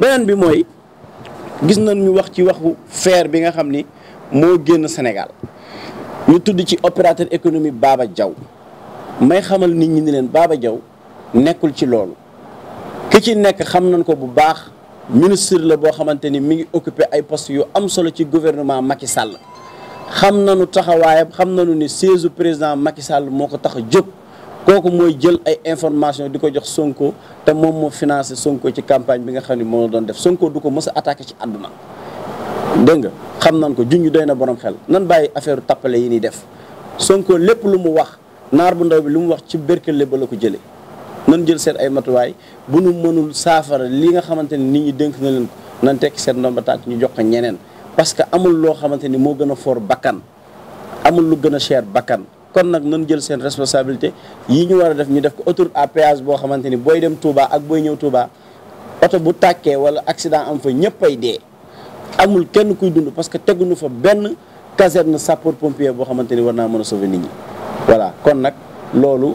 beneen bi mooy gis nañ ñu wax ci waxu fer bi nga xam ni moo génn Sénégal ñu tudd ci opérateur économique Baba Diaw may xamal nit ñi ni leen Baba Diaw nekkul ci loolu ki ci nekk xam nañ ko bu baax ministre la boo xamante ni mi ngi occupé ay post yu am solo ci gouvernement Macky Sall xam nañu taxawaayam xam nañu ni siège président Macky moo ko tax a jóg. koku moy jël ay information diko jox Sonko te mom mo financer Sonko ci campagne bi nga xamni mo doon def Sonko duko mësa attaquer ci aduna dégg nga xam nañ ko juñu doyna borom xel nan baye affaire tapalé yi ni def Sonko lepp lu mu wax nar bu ndaw bi lu mu wax ci berkele ba la jëlé nan jël seen ay matuway bu nu mënul safara li nga xamanteni nit ñi dénk na leen nan tek seen nomba tak ñu jox ko ñeneen parce que amul lo xamanteni mo gëna for bakan amul lu gëna cher bakan kon nag nan jël seen responsabilité yi ñu war a def ñu def ko autoroute à péage boo xamante ni booy dem Touba ak booy ñëw Touba oto bu tàkkee wala accident am fa ñëppay dee amul kenn kuy dund parce que nu fa benn caserne sapeur pompier boo xamante ni war naa mën a sauver nit voilà kon nag loolu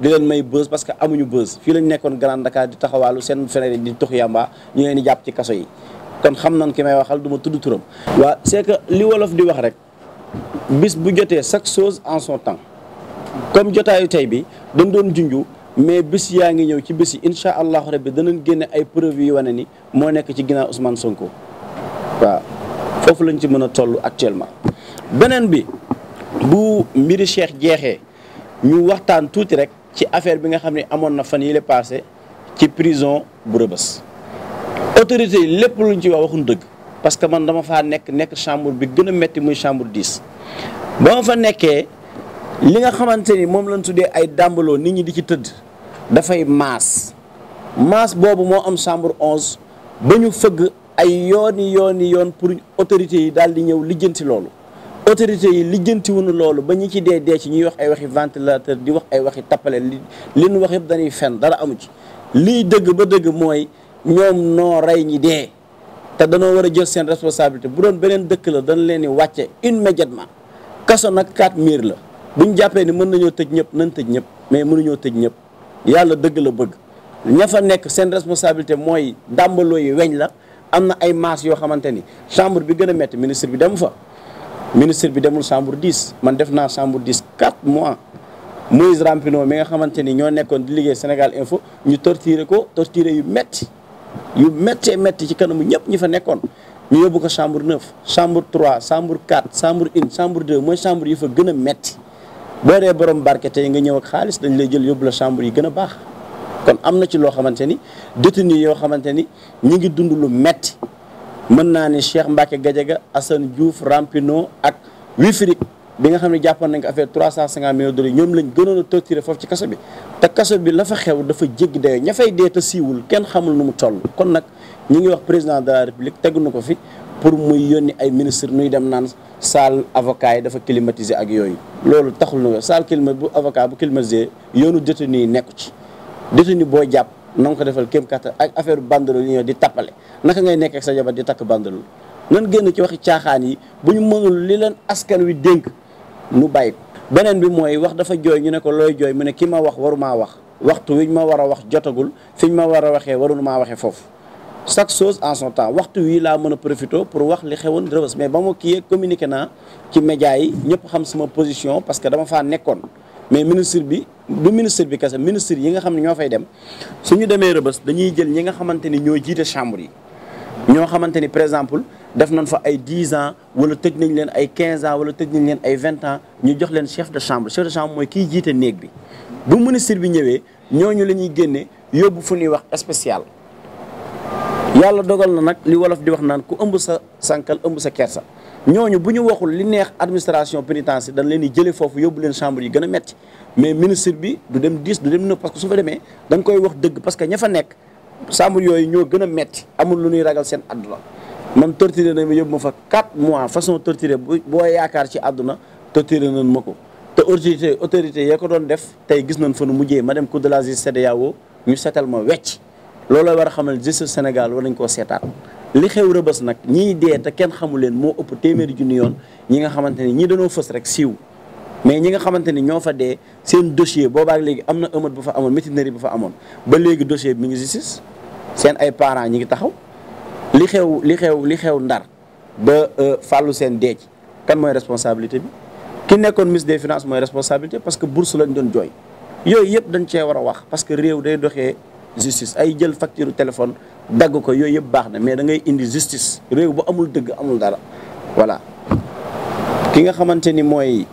di leen may bës parce que amuñu bës fii lañ nekkoon Grand Dakar di taxawaalu seen feneen di tux yamba ñu leen di jàpp ci kaso yi kon xam nañ ki may waxal du ma tudd turam. waa c'est que li wolof di wax rek bis bu jotee chaque chose en son temps comme jotaayu tey bi dañ doon junju mais bis yaa ngi ñëw ci bis yi incha allahu rabbi danañ génne ay preuve yu wane ni moo nekk ci ginnaaw Ousmane Sonko waaw foofu lañ ci mën a toll actuellement. beneen bi bu mbiri Cheikh jeexee ñu waxtaan tuuti rek. ci affaire bi nga xam ne amoon na fan yële passé ci prison bu autorité yi lépp luñ ci wax waxuñ dëgg parce que man dama faa nekk nekk chambre bi gën a metti muy chambre 10 ba ma fa nekkee li nga xamante ni moom lañ tuddee ay dàmbaloo nit ñi di ci tëdd dafay maas maas boobu moo am chambre 11 ba ñu fëgg ay yooni yooni yoon pour autorité yi daal di ñëw lijjanti loolu autorité yi lijjanti wuñu loolu ba ñi ci dee dee ci ñuy wax ay waxi ventilateur di wax ay waxi tappale li li ñu wax yëpp dañuy fen dara amu ci lii dëgg ba dëgg mooy ñoom noo rey ñi dee te danoo war a jël seen responsabilité bu doon beneen dëkk la dañ leen di wàcce immédiatement kaso nag quatre miir la buñ jàppee ni mën nañoo tëj ñëpp nañ tëj ñëpp mais mënuñoo tëj ñëpp yàlla dëgg la bëgg ña fa nekk seen responsabilité mooy dàmbaloo yi weñ la am na ay maas yoo xamante ni chambre bi gën a bi dem fa ministre bi demul chambre 10 man def naa chambre 10 4 mois Moïse Rampino mi nga xamante ni ñoo nekkoon di liggéey Sénégal Info ñu torturé ko torturé yu metti yu méttee métti ci kanamu ñëpp ñi fa nekkoon ñu yóbbu ko chambre 9 chambre 3 chambre 4 chambre 1 chambre 2 mooy chambre yi fa gën a métti boo dee borom barke tey nga ñëw xaalis dañ lay jël yóbbu la chambre yi gën a baax kon am na ci loo xamante ni détenu yoo xamante ni ñu ngi dund lu metti mën naa ni Cheikh Mbacke Gadiaga Assane Diouf Rampino ak Wifrik bi nga xam ne jàppoon nañ ko trois 350 millions de dollars ñoom lañ gënoon a torturé foofu ci kaso bi te kaso bi la fa xew dafa jéggi dayoo ña fay dee te kenn xamul nu mu toll kon nag ñu ngi wax président de la république tegu na ko fi pour muy yónni ay ministre nuy dem naan saal avocat yi dafa climatiser ak yooyu loolu taxul na salle climat bu avocat bu climatisé yoonu détenu yi nekku ci détenu boo jàpp na ko defal kem kattan ak affaire banderole yi ñoo di tappale naka ngay nekk ak sa jabar di takk banderole nan génn ci waxi caaxaan yi bu ñu mënul li leen askan wi dénk nu bàyyi beneen bi mooy wax dafa jooy ñu ne ko looy jooy mu ne ki ma wax warumaa wax waxtu wiñ ma war a wax jotagul fi ñu ma war a waxee waruñu maa waxee foofu chaque chose en son temps waxtu wii laa mën a profité pour wax li xewoon Rebeuss mais ba ma kii communiqué naa ci média yi ñëpp xam sama position parce que dama faa nekkoon mais ministre bi du ministre bi ministre yi nga xamni ne fay dem suñu démé rebeus dañuy jël ñi nga chambre yi ño xamanteni par exemple def nañ fa 10 ans wala le nañ ay 15 ans wala nañ ay 20 ans ñu jox leen chef de chambre chef de chambre moy ki jité neeg bi bu ministre bi ñëwé ñoñu lañuy génné yobbu fu ñuy wax spécial yàlla dogal na nag li wolof di wax naan ku ëmb sa sànkal ëmb sa kersa ñooñu bu ñu waxul li neex administration pénitentiaire dañ leen di jële foofu yóbbu leen chambre yi gën a metti mais ministre bi du dem 10 du dem 9 parce que su fa demee dañ koy wax dëgg parce que ña fa nekk chambre yooyu ñoo gën a metti amul lu ñuy ragal seen àdduna man torturé nañ ma yóbbu ma fa 4 mois façon torturé bu boo yaakaar ci àdduna torturé nañ ma ko te autorité autorité yee ko doon def gis nañ fa nu mujjee ma dem cour de la justice CEDEAO ñu seetal ma wecc loolu looloo war a xamal justice Sénégal war nañ koo seetaat li xew rëbës nag ñiy dee te kenn xamu leen moo ëpp téeméeri junni yoon ñi nga xamante ni ñi dañoo fës rek siiw mais ñi nga xamante ni ñoo fa dee seen dossier boobaak léegi am na ëmat bu fa amoon mutinerie bu fa amoon ba léegi dossier bi mi ngi justice seen ay parents ñi ngi taxaw li xew li xew li xew ndar ba euh, fàllu seen deej kan mooy responsabilité bi ki nekkoon ministre des finances mooy responsabilité parce que bourse lañ doon jooy yooyu yëpp dañ cee war a wax parce que réew day doxee justice ay jël facture téléphone dagg ko yooyu yëpp baax na mais da ngay indi justice réew bu amul dëgg amul dara voilà ki nga xamante ni mooy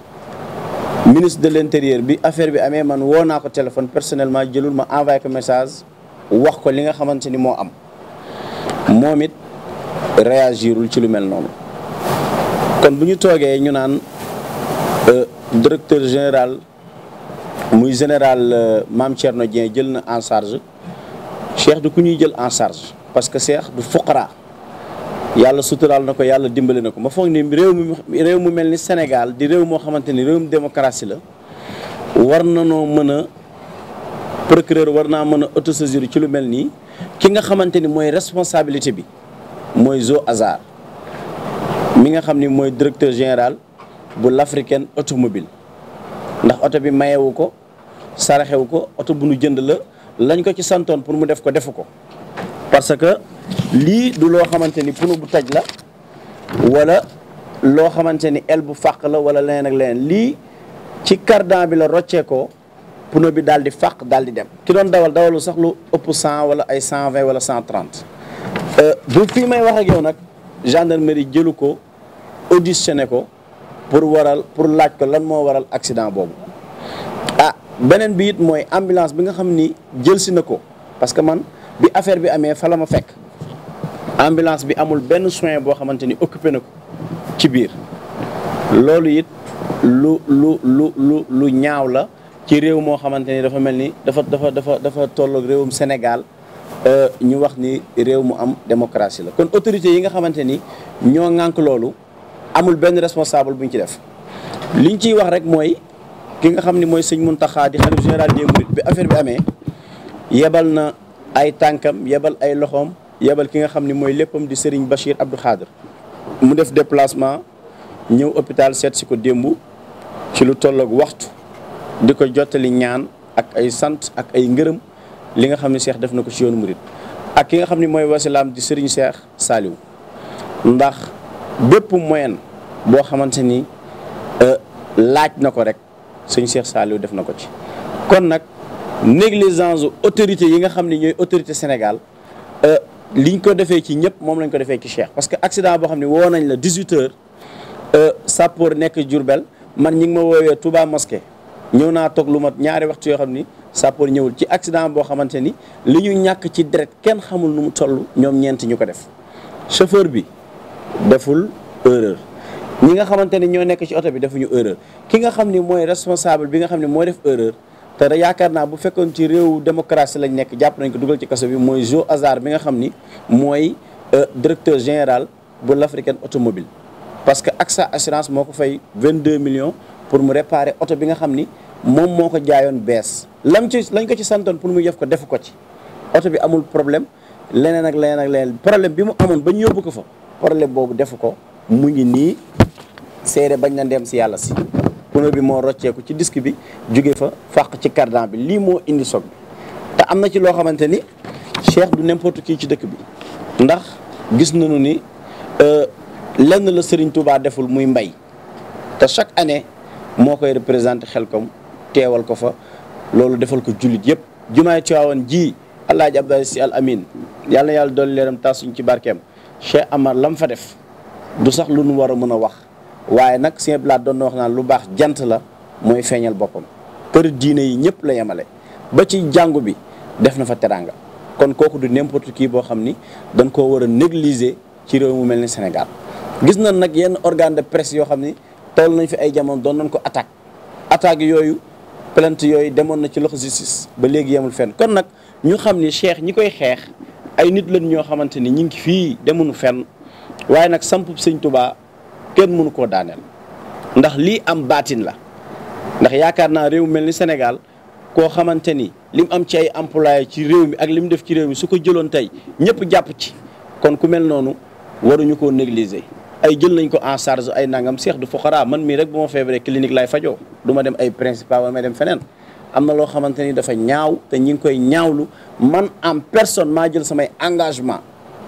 ministre de l'intérieur bi affaire bi amee man woo naa ko téléphone personnellement jëlul ma envoyé ko message wax ko li nga xamante ni moo am moom it réagirul ci lu mel noonu kon bu ñu toogee ñu naan euh, directeur général muy général euh, Mame Thierno Dieng jël na en charge cheikh du ku ñuy jël en charge parce que cheikh du fuqara yàlla suturaal na ko yàlla dimbali na ko ma foog ni réew mi réew mu mel ni Sénégal di réew moo xamante ni réewum démocratie la war na noo mën a procureur war naa mën a autosaisir ci lu mel nii ki nga xamante ni mooy responsabilité bi mooy Zo Azar mi nga xam ni mooy directeur général bu l'Africaine automobile ndax oto bi mayewu ko saraxewu ko oto bu nu jënd la lañ ko ci santoon pour mu def ko defu ko parce que lii du loo xamante ni punu bu taj la wala loo xamante ni el bu fàq la wala leneen ak leneen lii ci cardan bi la rocceekoo pneu bi daal di fàq daal di dem ki doon dawal dawalu sax lu ëpp 100 wala ay 120 wala 130 euh, bu fii may wax ak yow nag gendarmerie jëlu ko auditionné ko pour waral pour laaj ko lan moo waral accident boobu benen bi it moy ambulance bi nga xamni ni jël si nako parce que man bi affaire bi amé fa la ma fekk ambulance bi amul ben soin bo xamanteni occuper nako ci bir it lu lu lu lu lu ñaaw la ci rew mo xamanteni dafa melni dafa dafa dafa dafa tollok rewum senegal euh ñu wax ni rew mu am démocratie la kon autorité yi nga xamanteni ño ngank ŋànk amul ben responsable buñ ci def liñ ciy wax rek moy ki nga xam ni mooy sëñ Muntaxa di xalif général des mourides bi affaire bi amee yebal na ay tànkam yebal ay loxoom yebal ki nga xam ni mooy léppam di sëriñ Bachir Abdou Khadre mu def déplacement ñëw hôpital seet si ko démb ci lu tolloog waxtu di ko jottali ñaan ak ay sant ak ay ngërëm li nga xam ne seex def na ko ci yoonu murit ak ki nga xam ne mooy wasilaam di sëriñ seex saaliw ndax bépp moyen boo xamante ni euh, laaj na ko rek sëñ Cheikh Saliou def na ko ci kon nag négligence autorité yi nga xam ne ñooy autorité Sénégal euh, liñ ko defee ci ñëpp moom lañ ko defee ci Cheikh parce que accident boo xam ne woo nañ la 18 heures euh, sappoor nekk jurbel man ñi ngi ma woowee Touba mosquée ñëw naa toog lu mat ñaari waxtu yoo xam ni sappoor ñëwul ci accident boo xamante ni li ñu ñàkk ci deret kenn xamul nu mu toll ñoom ñeent ñu ko def chauffeur bi deful erreur ñi nga xamante ne ñoo nekk ci oto bi defuñu erreur ki nga xam ni mooy responsable bi nga xam ne mooy def erreur te yaakaar naa bu fekkoon ci réewu démocratie lañ nekk jàpp nañ ko dugal ci kaso bi mooy Jo Hazard bi nga xam ni mooy euh, directeur général bu l'Africaine automobile parce que AXA assurance moo ko fay 22 millions pour mu réparer oto bi nga xam ni moom moo ko jaayoon bees lam ci lañ ko ci santoon pour mu def ko defu ko ci oto bi amul problème leneen ak leneen ak leneen problème bi mu amoon ba ñu yóbbu ko fa problème boobu defu ko mu ngi nii seere bañ na dem si yàlla si pneu bi moo rocceeku ci disque bi jóge fa fàq ci cardan bi lii moo indi choc bi te am na ci loo xamante ni Cheikh du n'importe qui ci dëkk bi ndax gis nañu ni euh, lenn la sëriñ Touba deful muy mbay te chaque année moo koy xel ko teewal ko fa loolu defal ko jullit yëpp jumaay Tiwaawan ji Alaaji Abdoulaye Sy Al Amin yàlla yàlla dool leeram taasuñ ci barkeem Cheikh Amar lam fa def du sax lu nu mën a wax waaye nag sëñ Abdou doon na wax naan lu baax jant la mooy feeñal boppam për diine yi ñëpp la yemale ba ci jàngu bi def na fa teraanga kon kooku du n'importe kii boo xam ni dañ koo war a négliger ci réew mu mel ni Sénégal gis nañ nag yenn organe de presse yoo xam ni toll nañ fi ay jamono doon nañ ko attaque attaque yooyu plainte yooyu demoon na ci loxo justice ba léegi yemul fenn kon nag ñu xam ni cheikh ñi koy xeex ay nit lañ ñoo xamante ni ñu ngi fii demuñu fenn waaye nag samp sëñ Tuubaa kenn mënu koo daaneel ndax lii am baatin la ndax yaakaar naa réew mel ni Sénégal koo xamante ni lim am ci ay employé ci réew mi ak lim def ci réew mi su ko jëloon tey ñëpp jàpp ci kon ku mel noonu waruñu koo négliger ay jël nañ ko en charge ay nangam seex du foqara man mii rek bu ma feebaree clinique laay fajoo duma dem ay principal wala may dem feneen am na loo xamante ni dafa ñaaw te ñi ngi koy ñaawlu man en personne maa jël samay engagement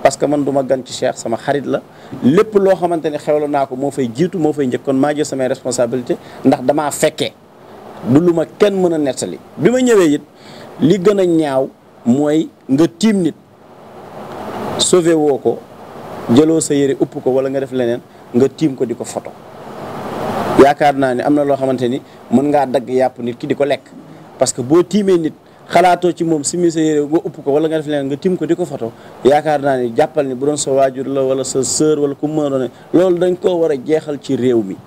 parce que man du ma gan ci Cheikh sama xarit la lépp loo xamante ne xewla naa ko moo fay jiitu moo fay njëkk kon maa jël samay responsabilité ndax damaa fekkee du lu ma kenn mën a nettali bi ma ñëwee it li gën a ñaaw mooy nga tiim nit sauvé woo ko jëloo sa yére upp ko wala nga def leneen nga tiim ko di ko foto yaakaar naa ni am na loo xamante ni mën ngaa dagg yàpp nit ki di ko lekk parce boo tiimee nit xalaatoo ci moom simi sa yére nga upp ko wala nga def leen nga tim ko di ko foto yaakaar naa ni jàppal ni bu doon sa waajur la wala sa sœur wala ku mën a loolu dañ koo war a jeexal ci réew mi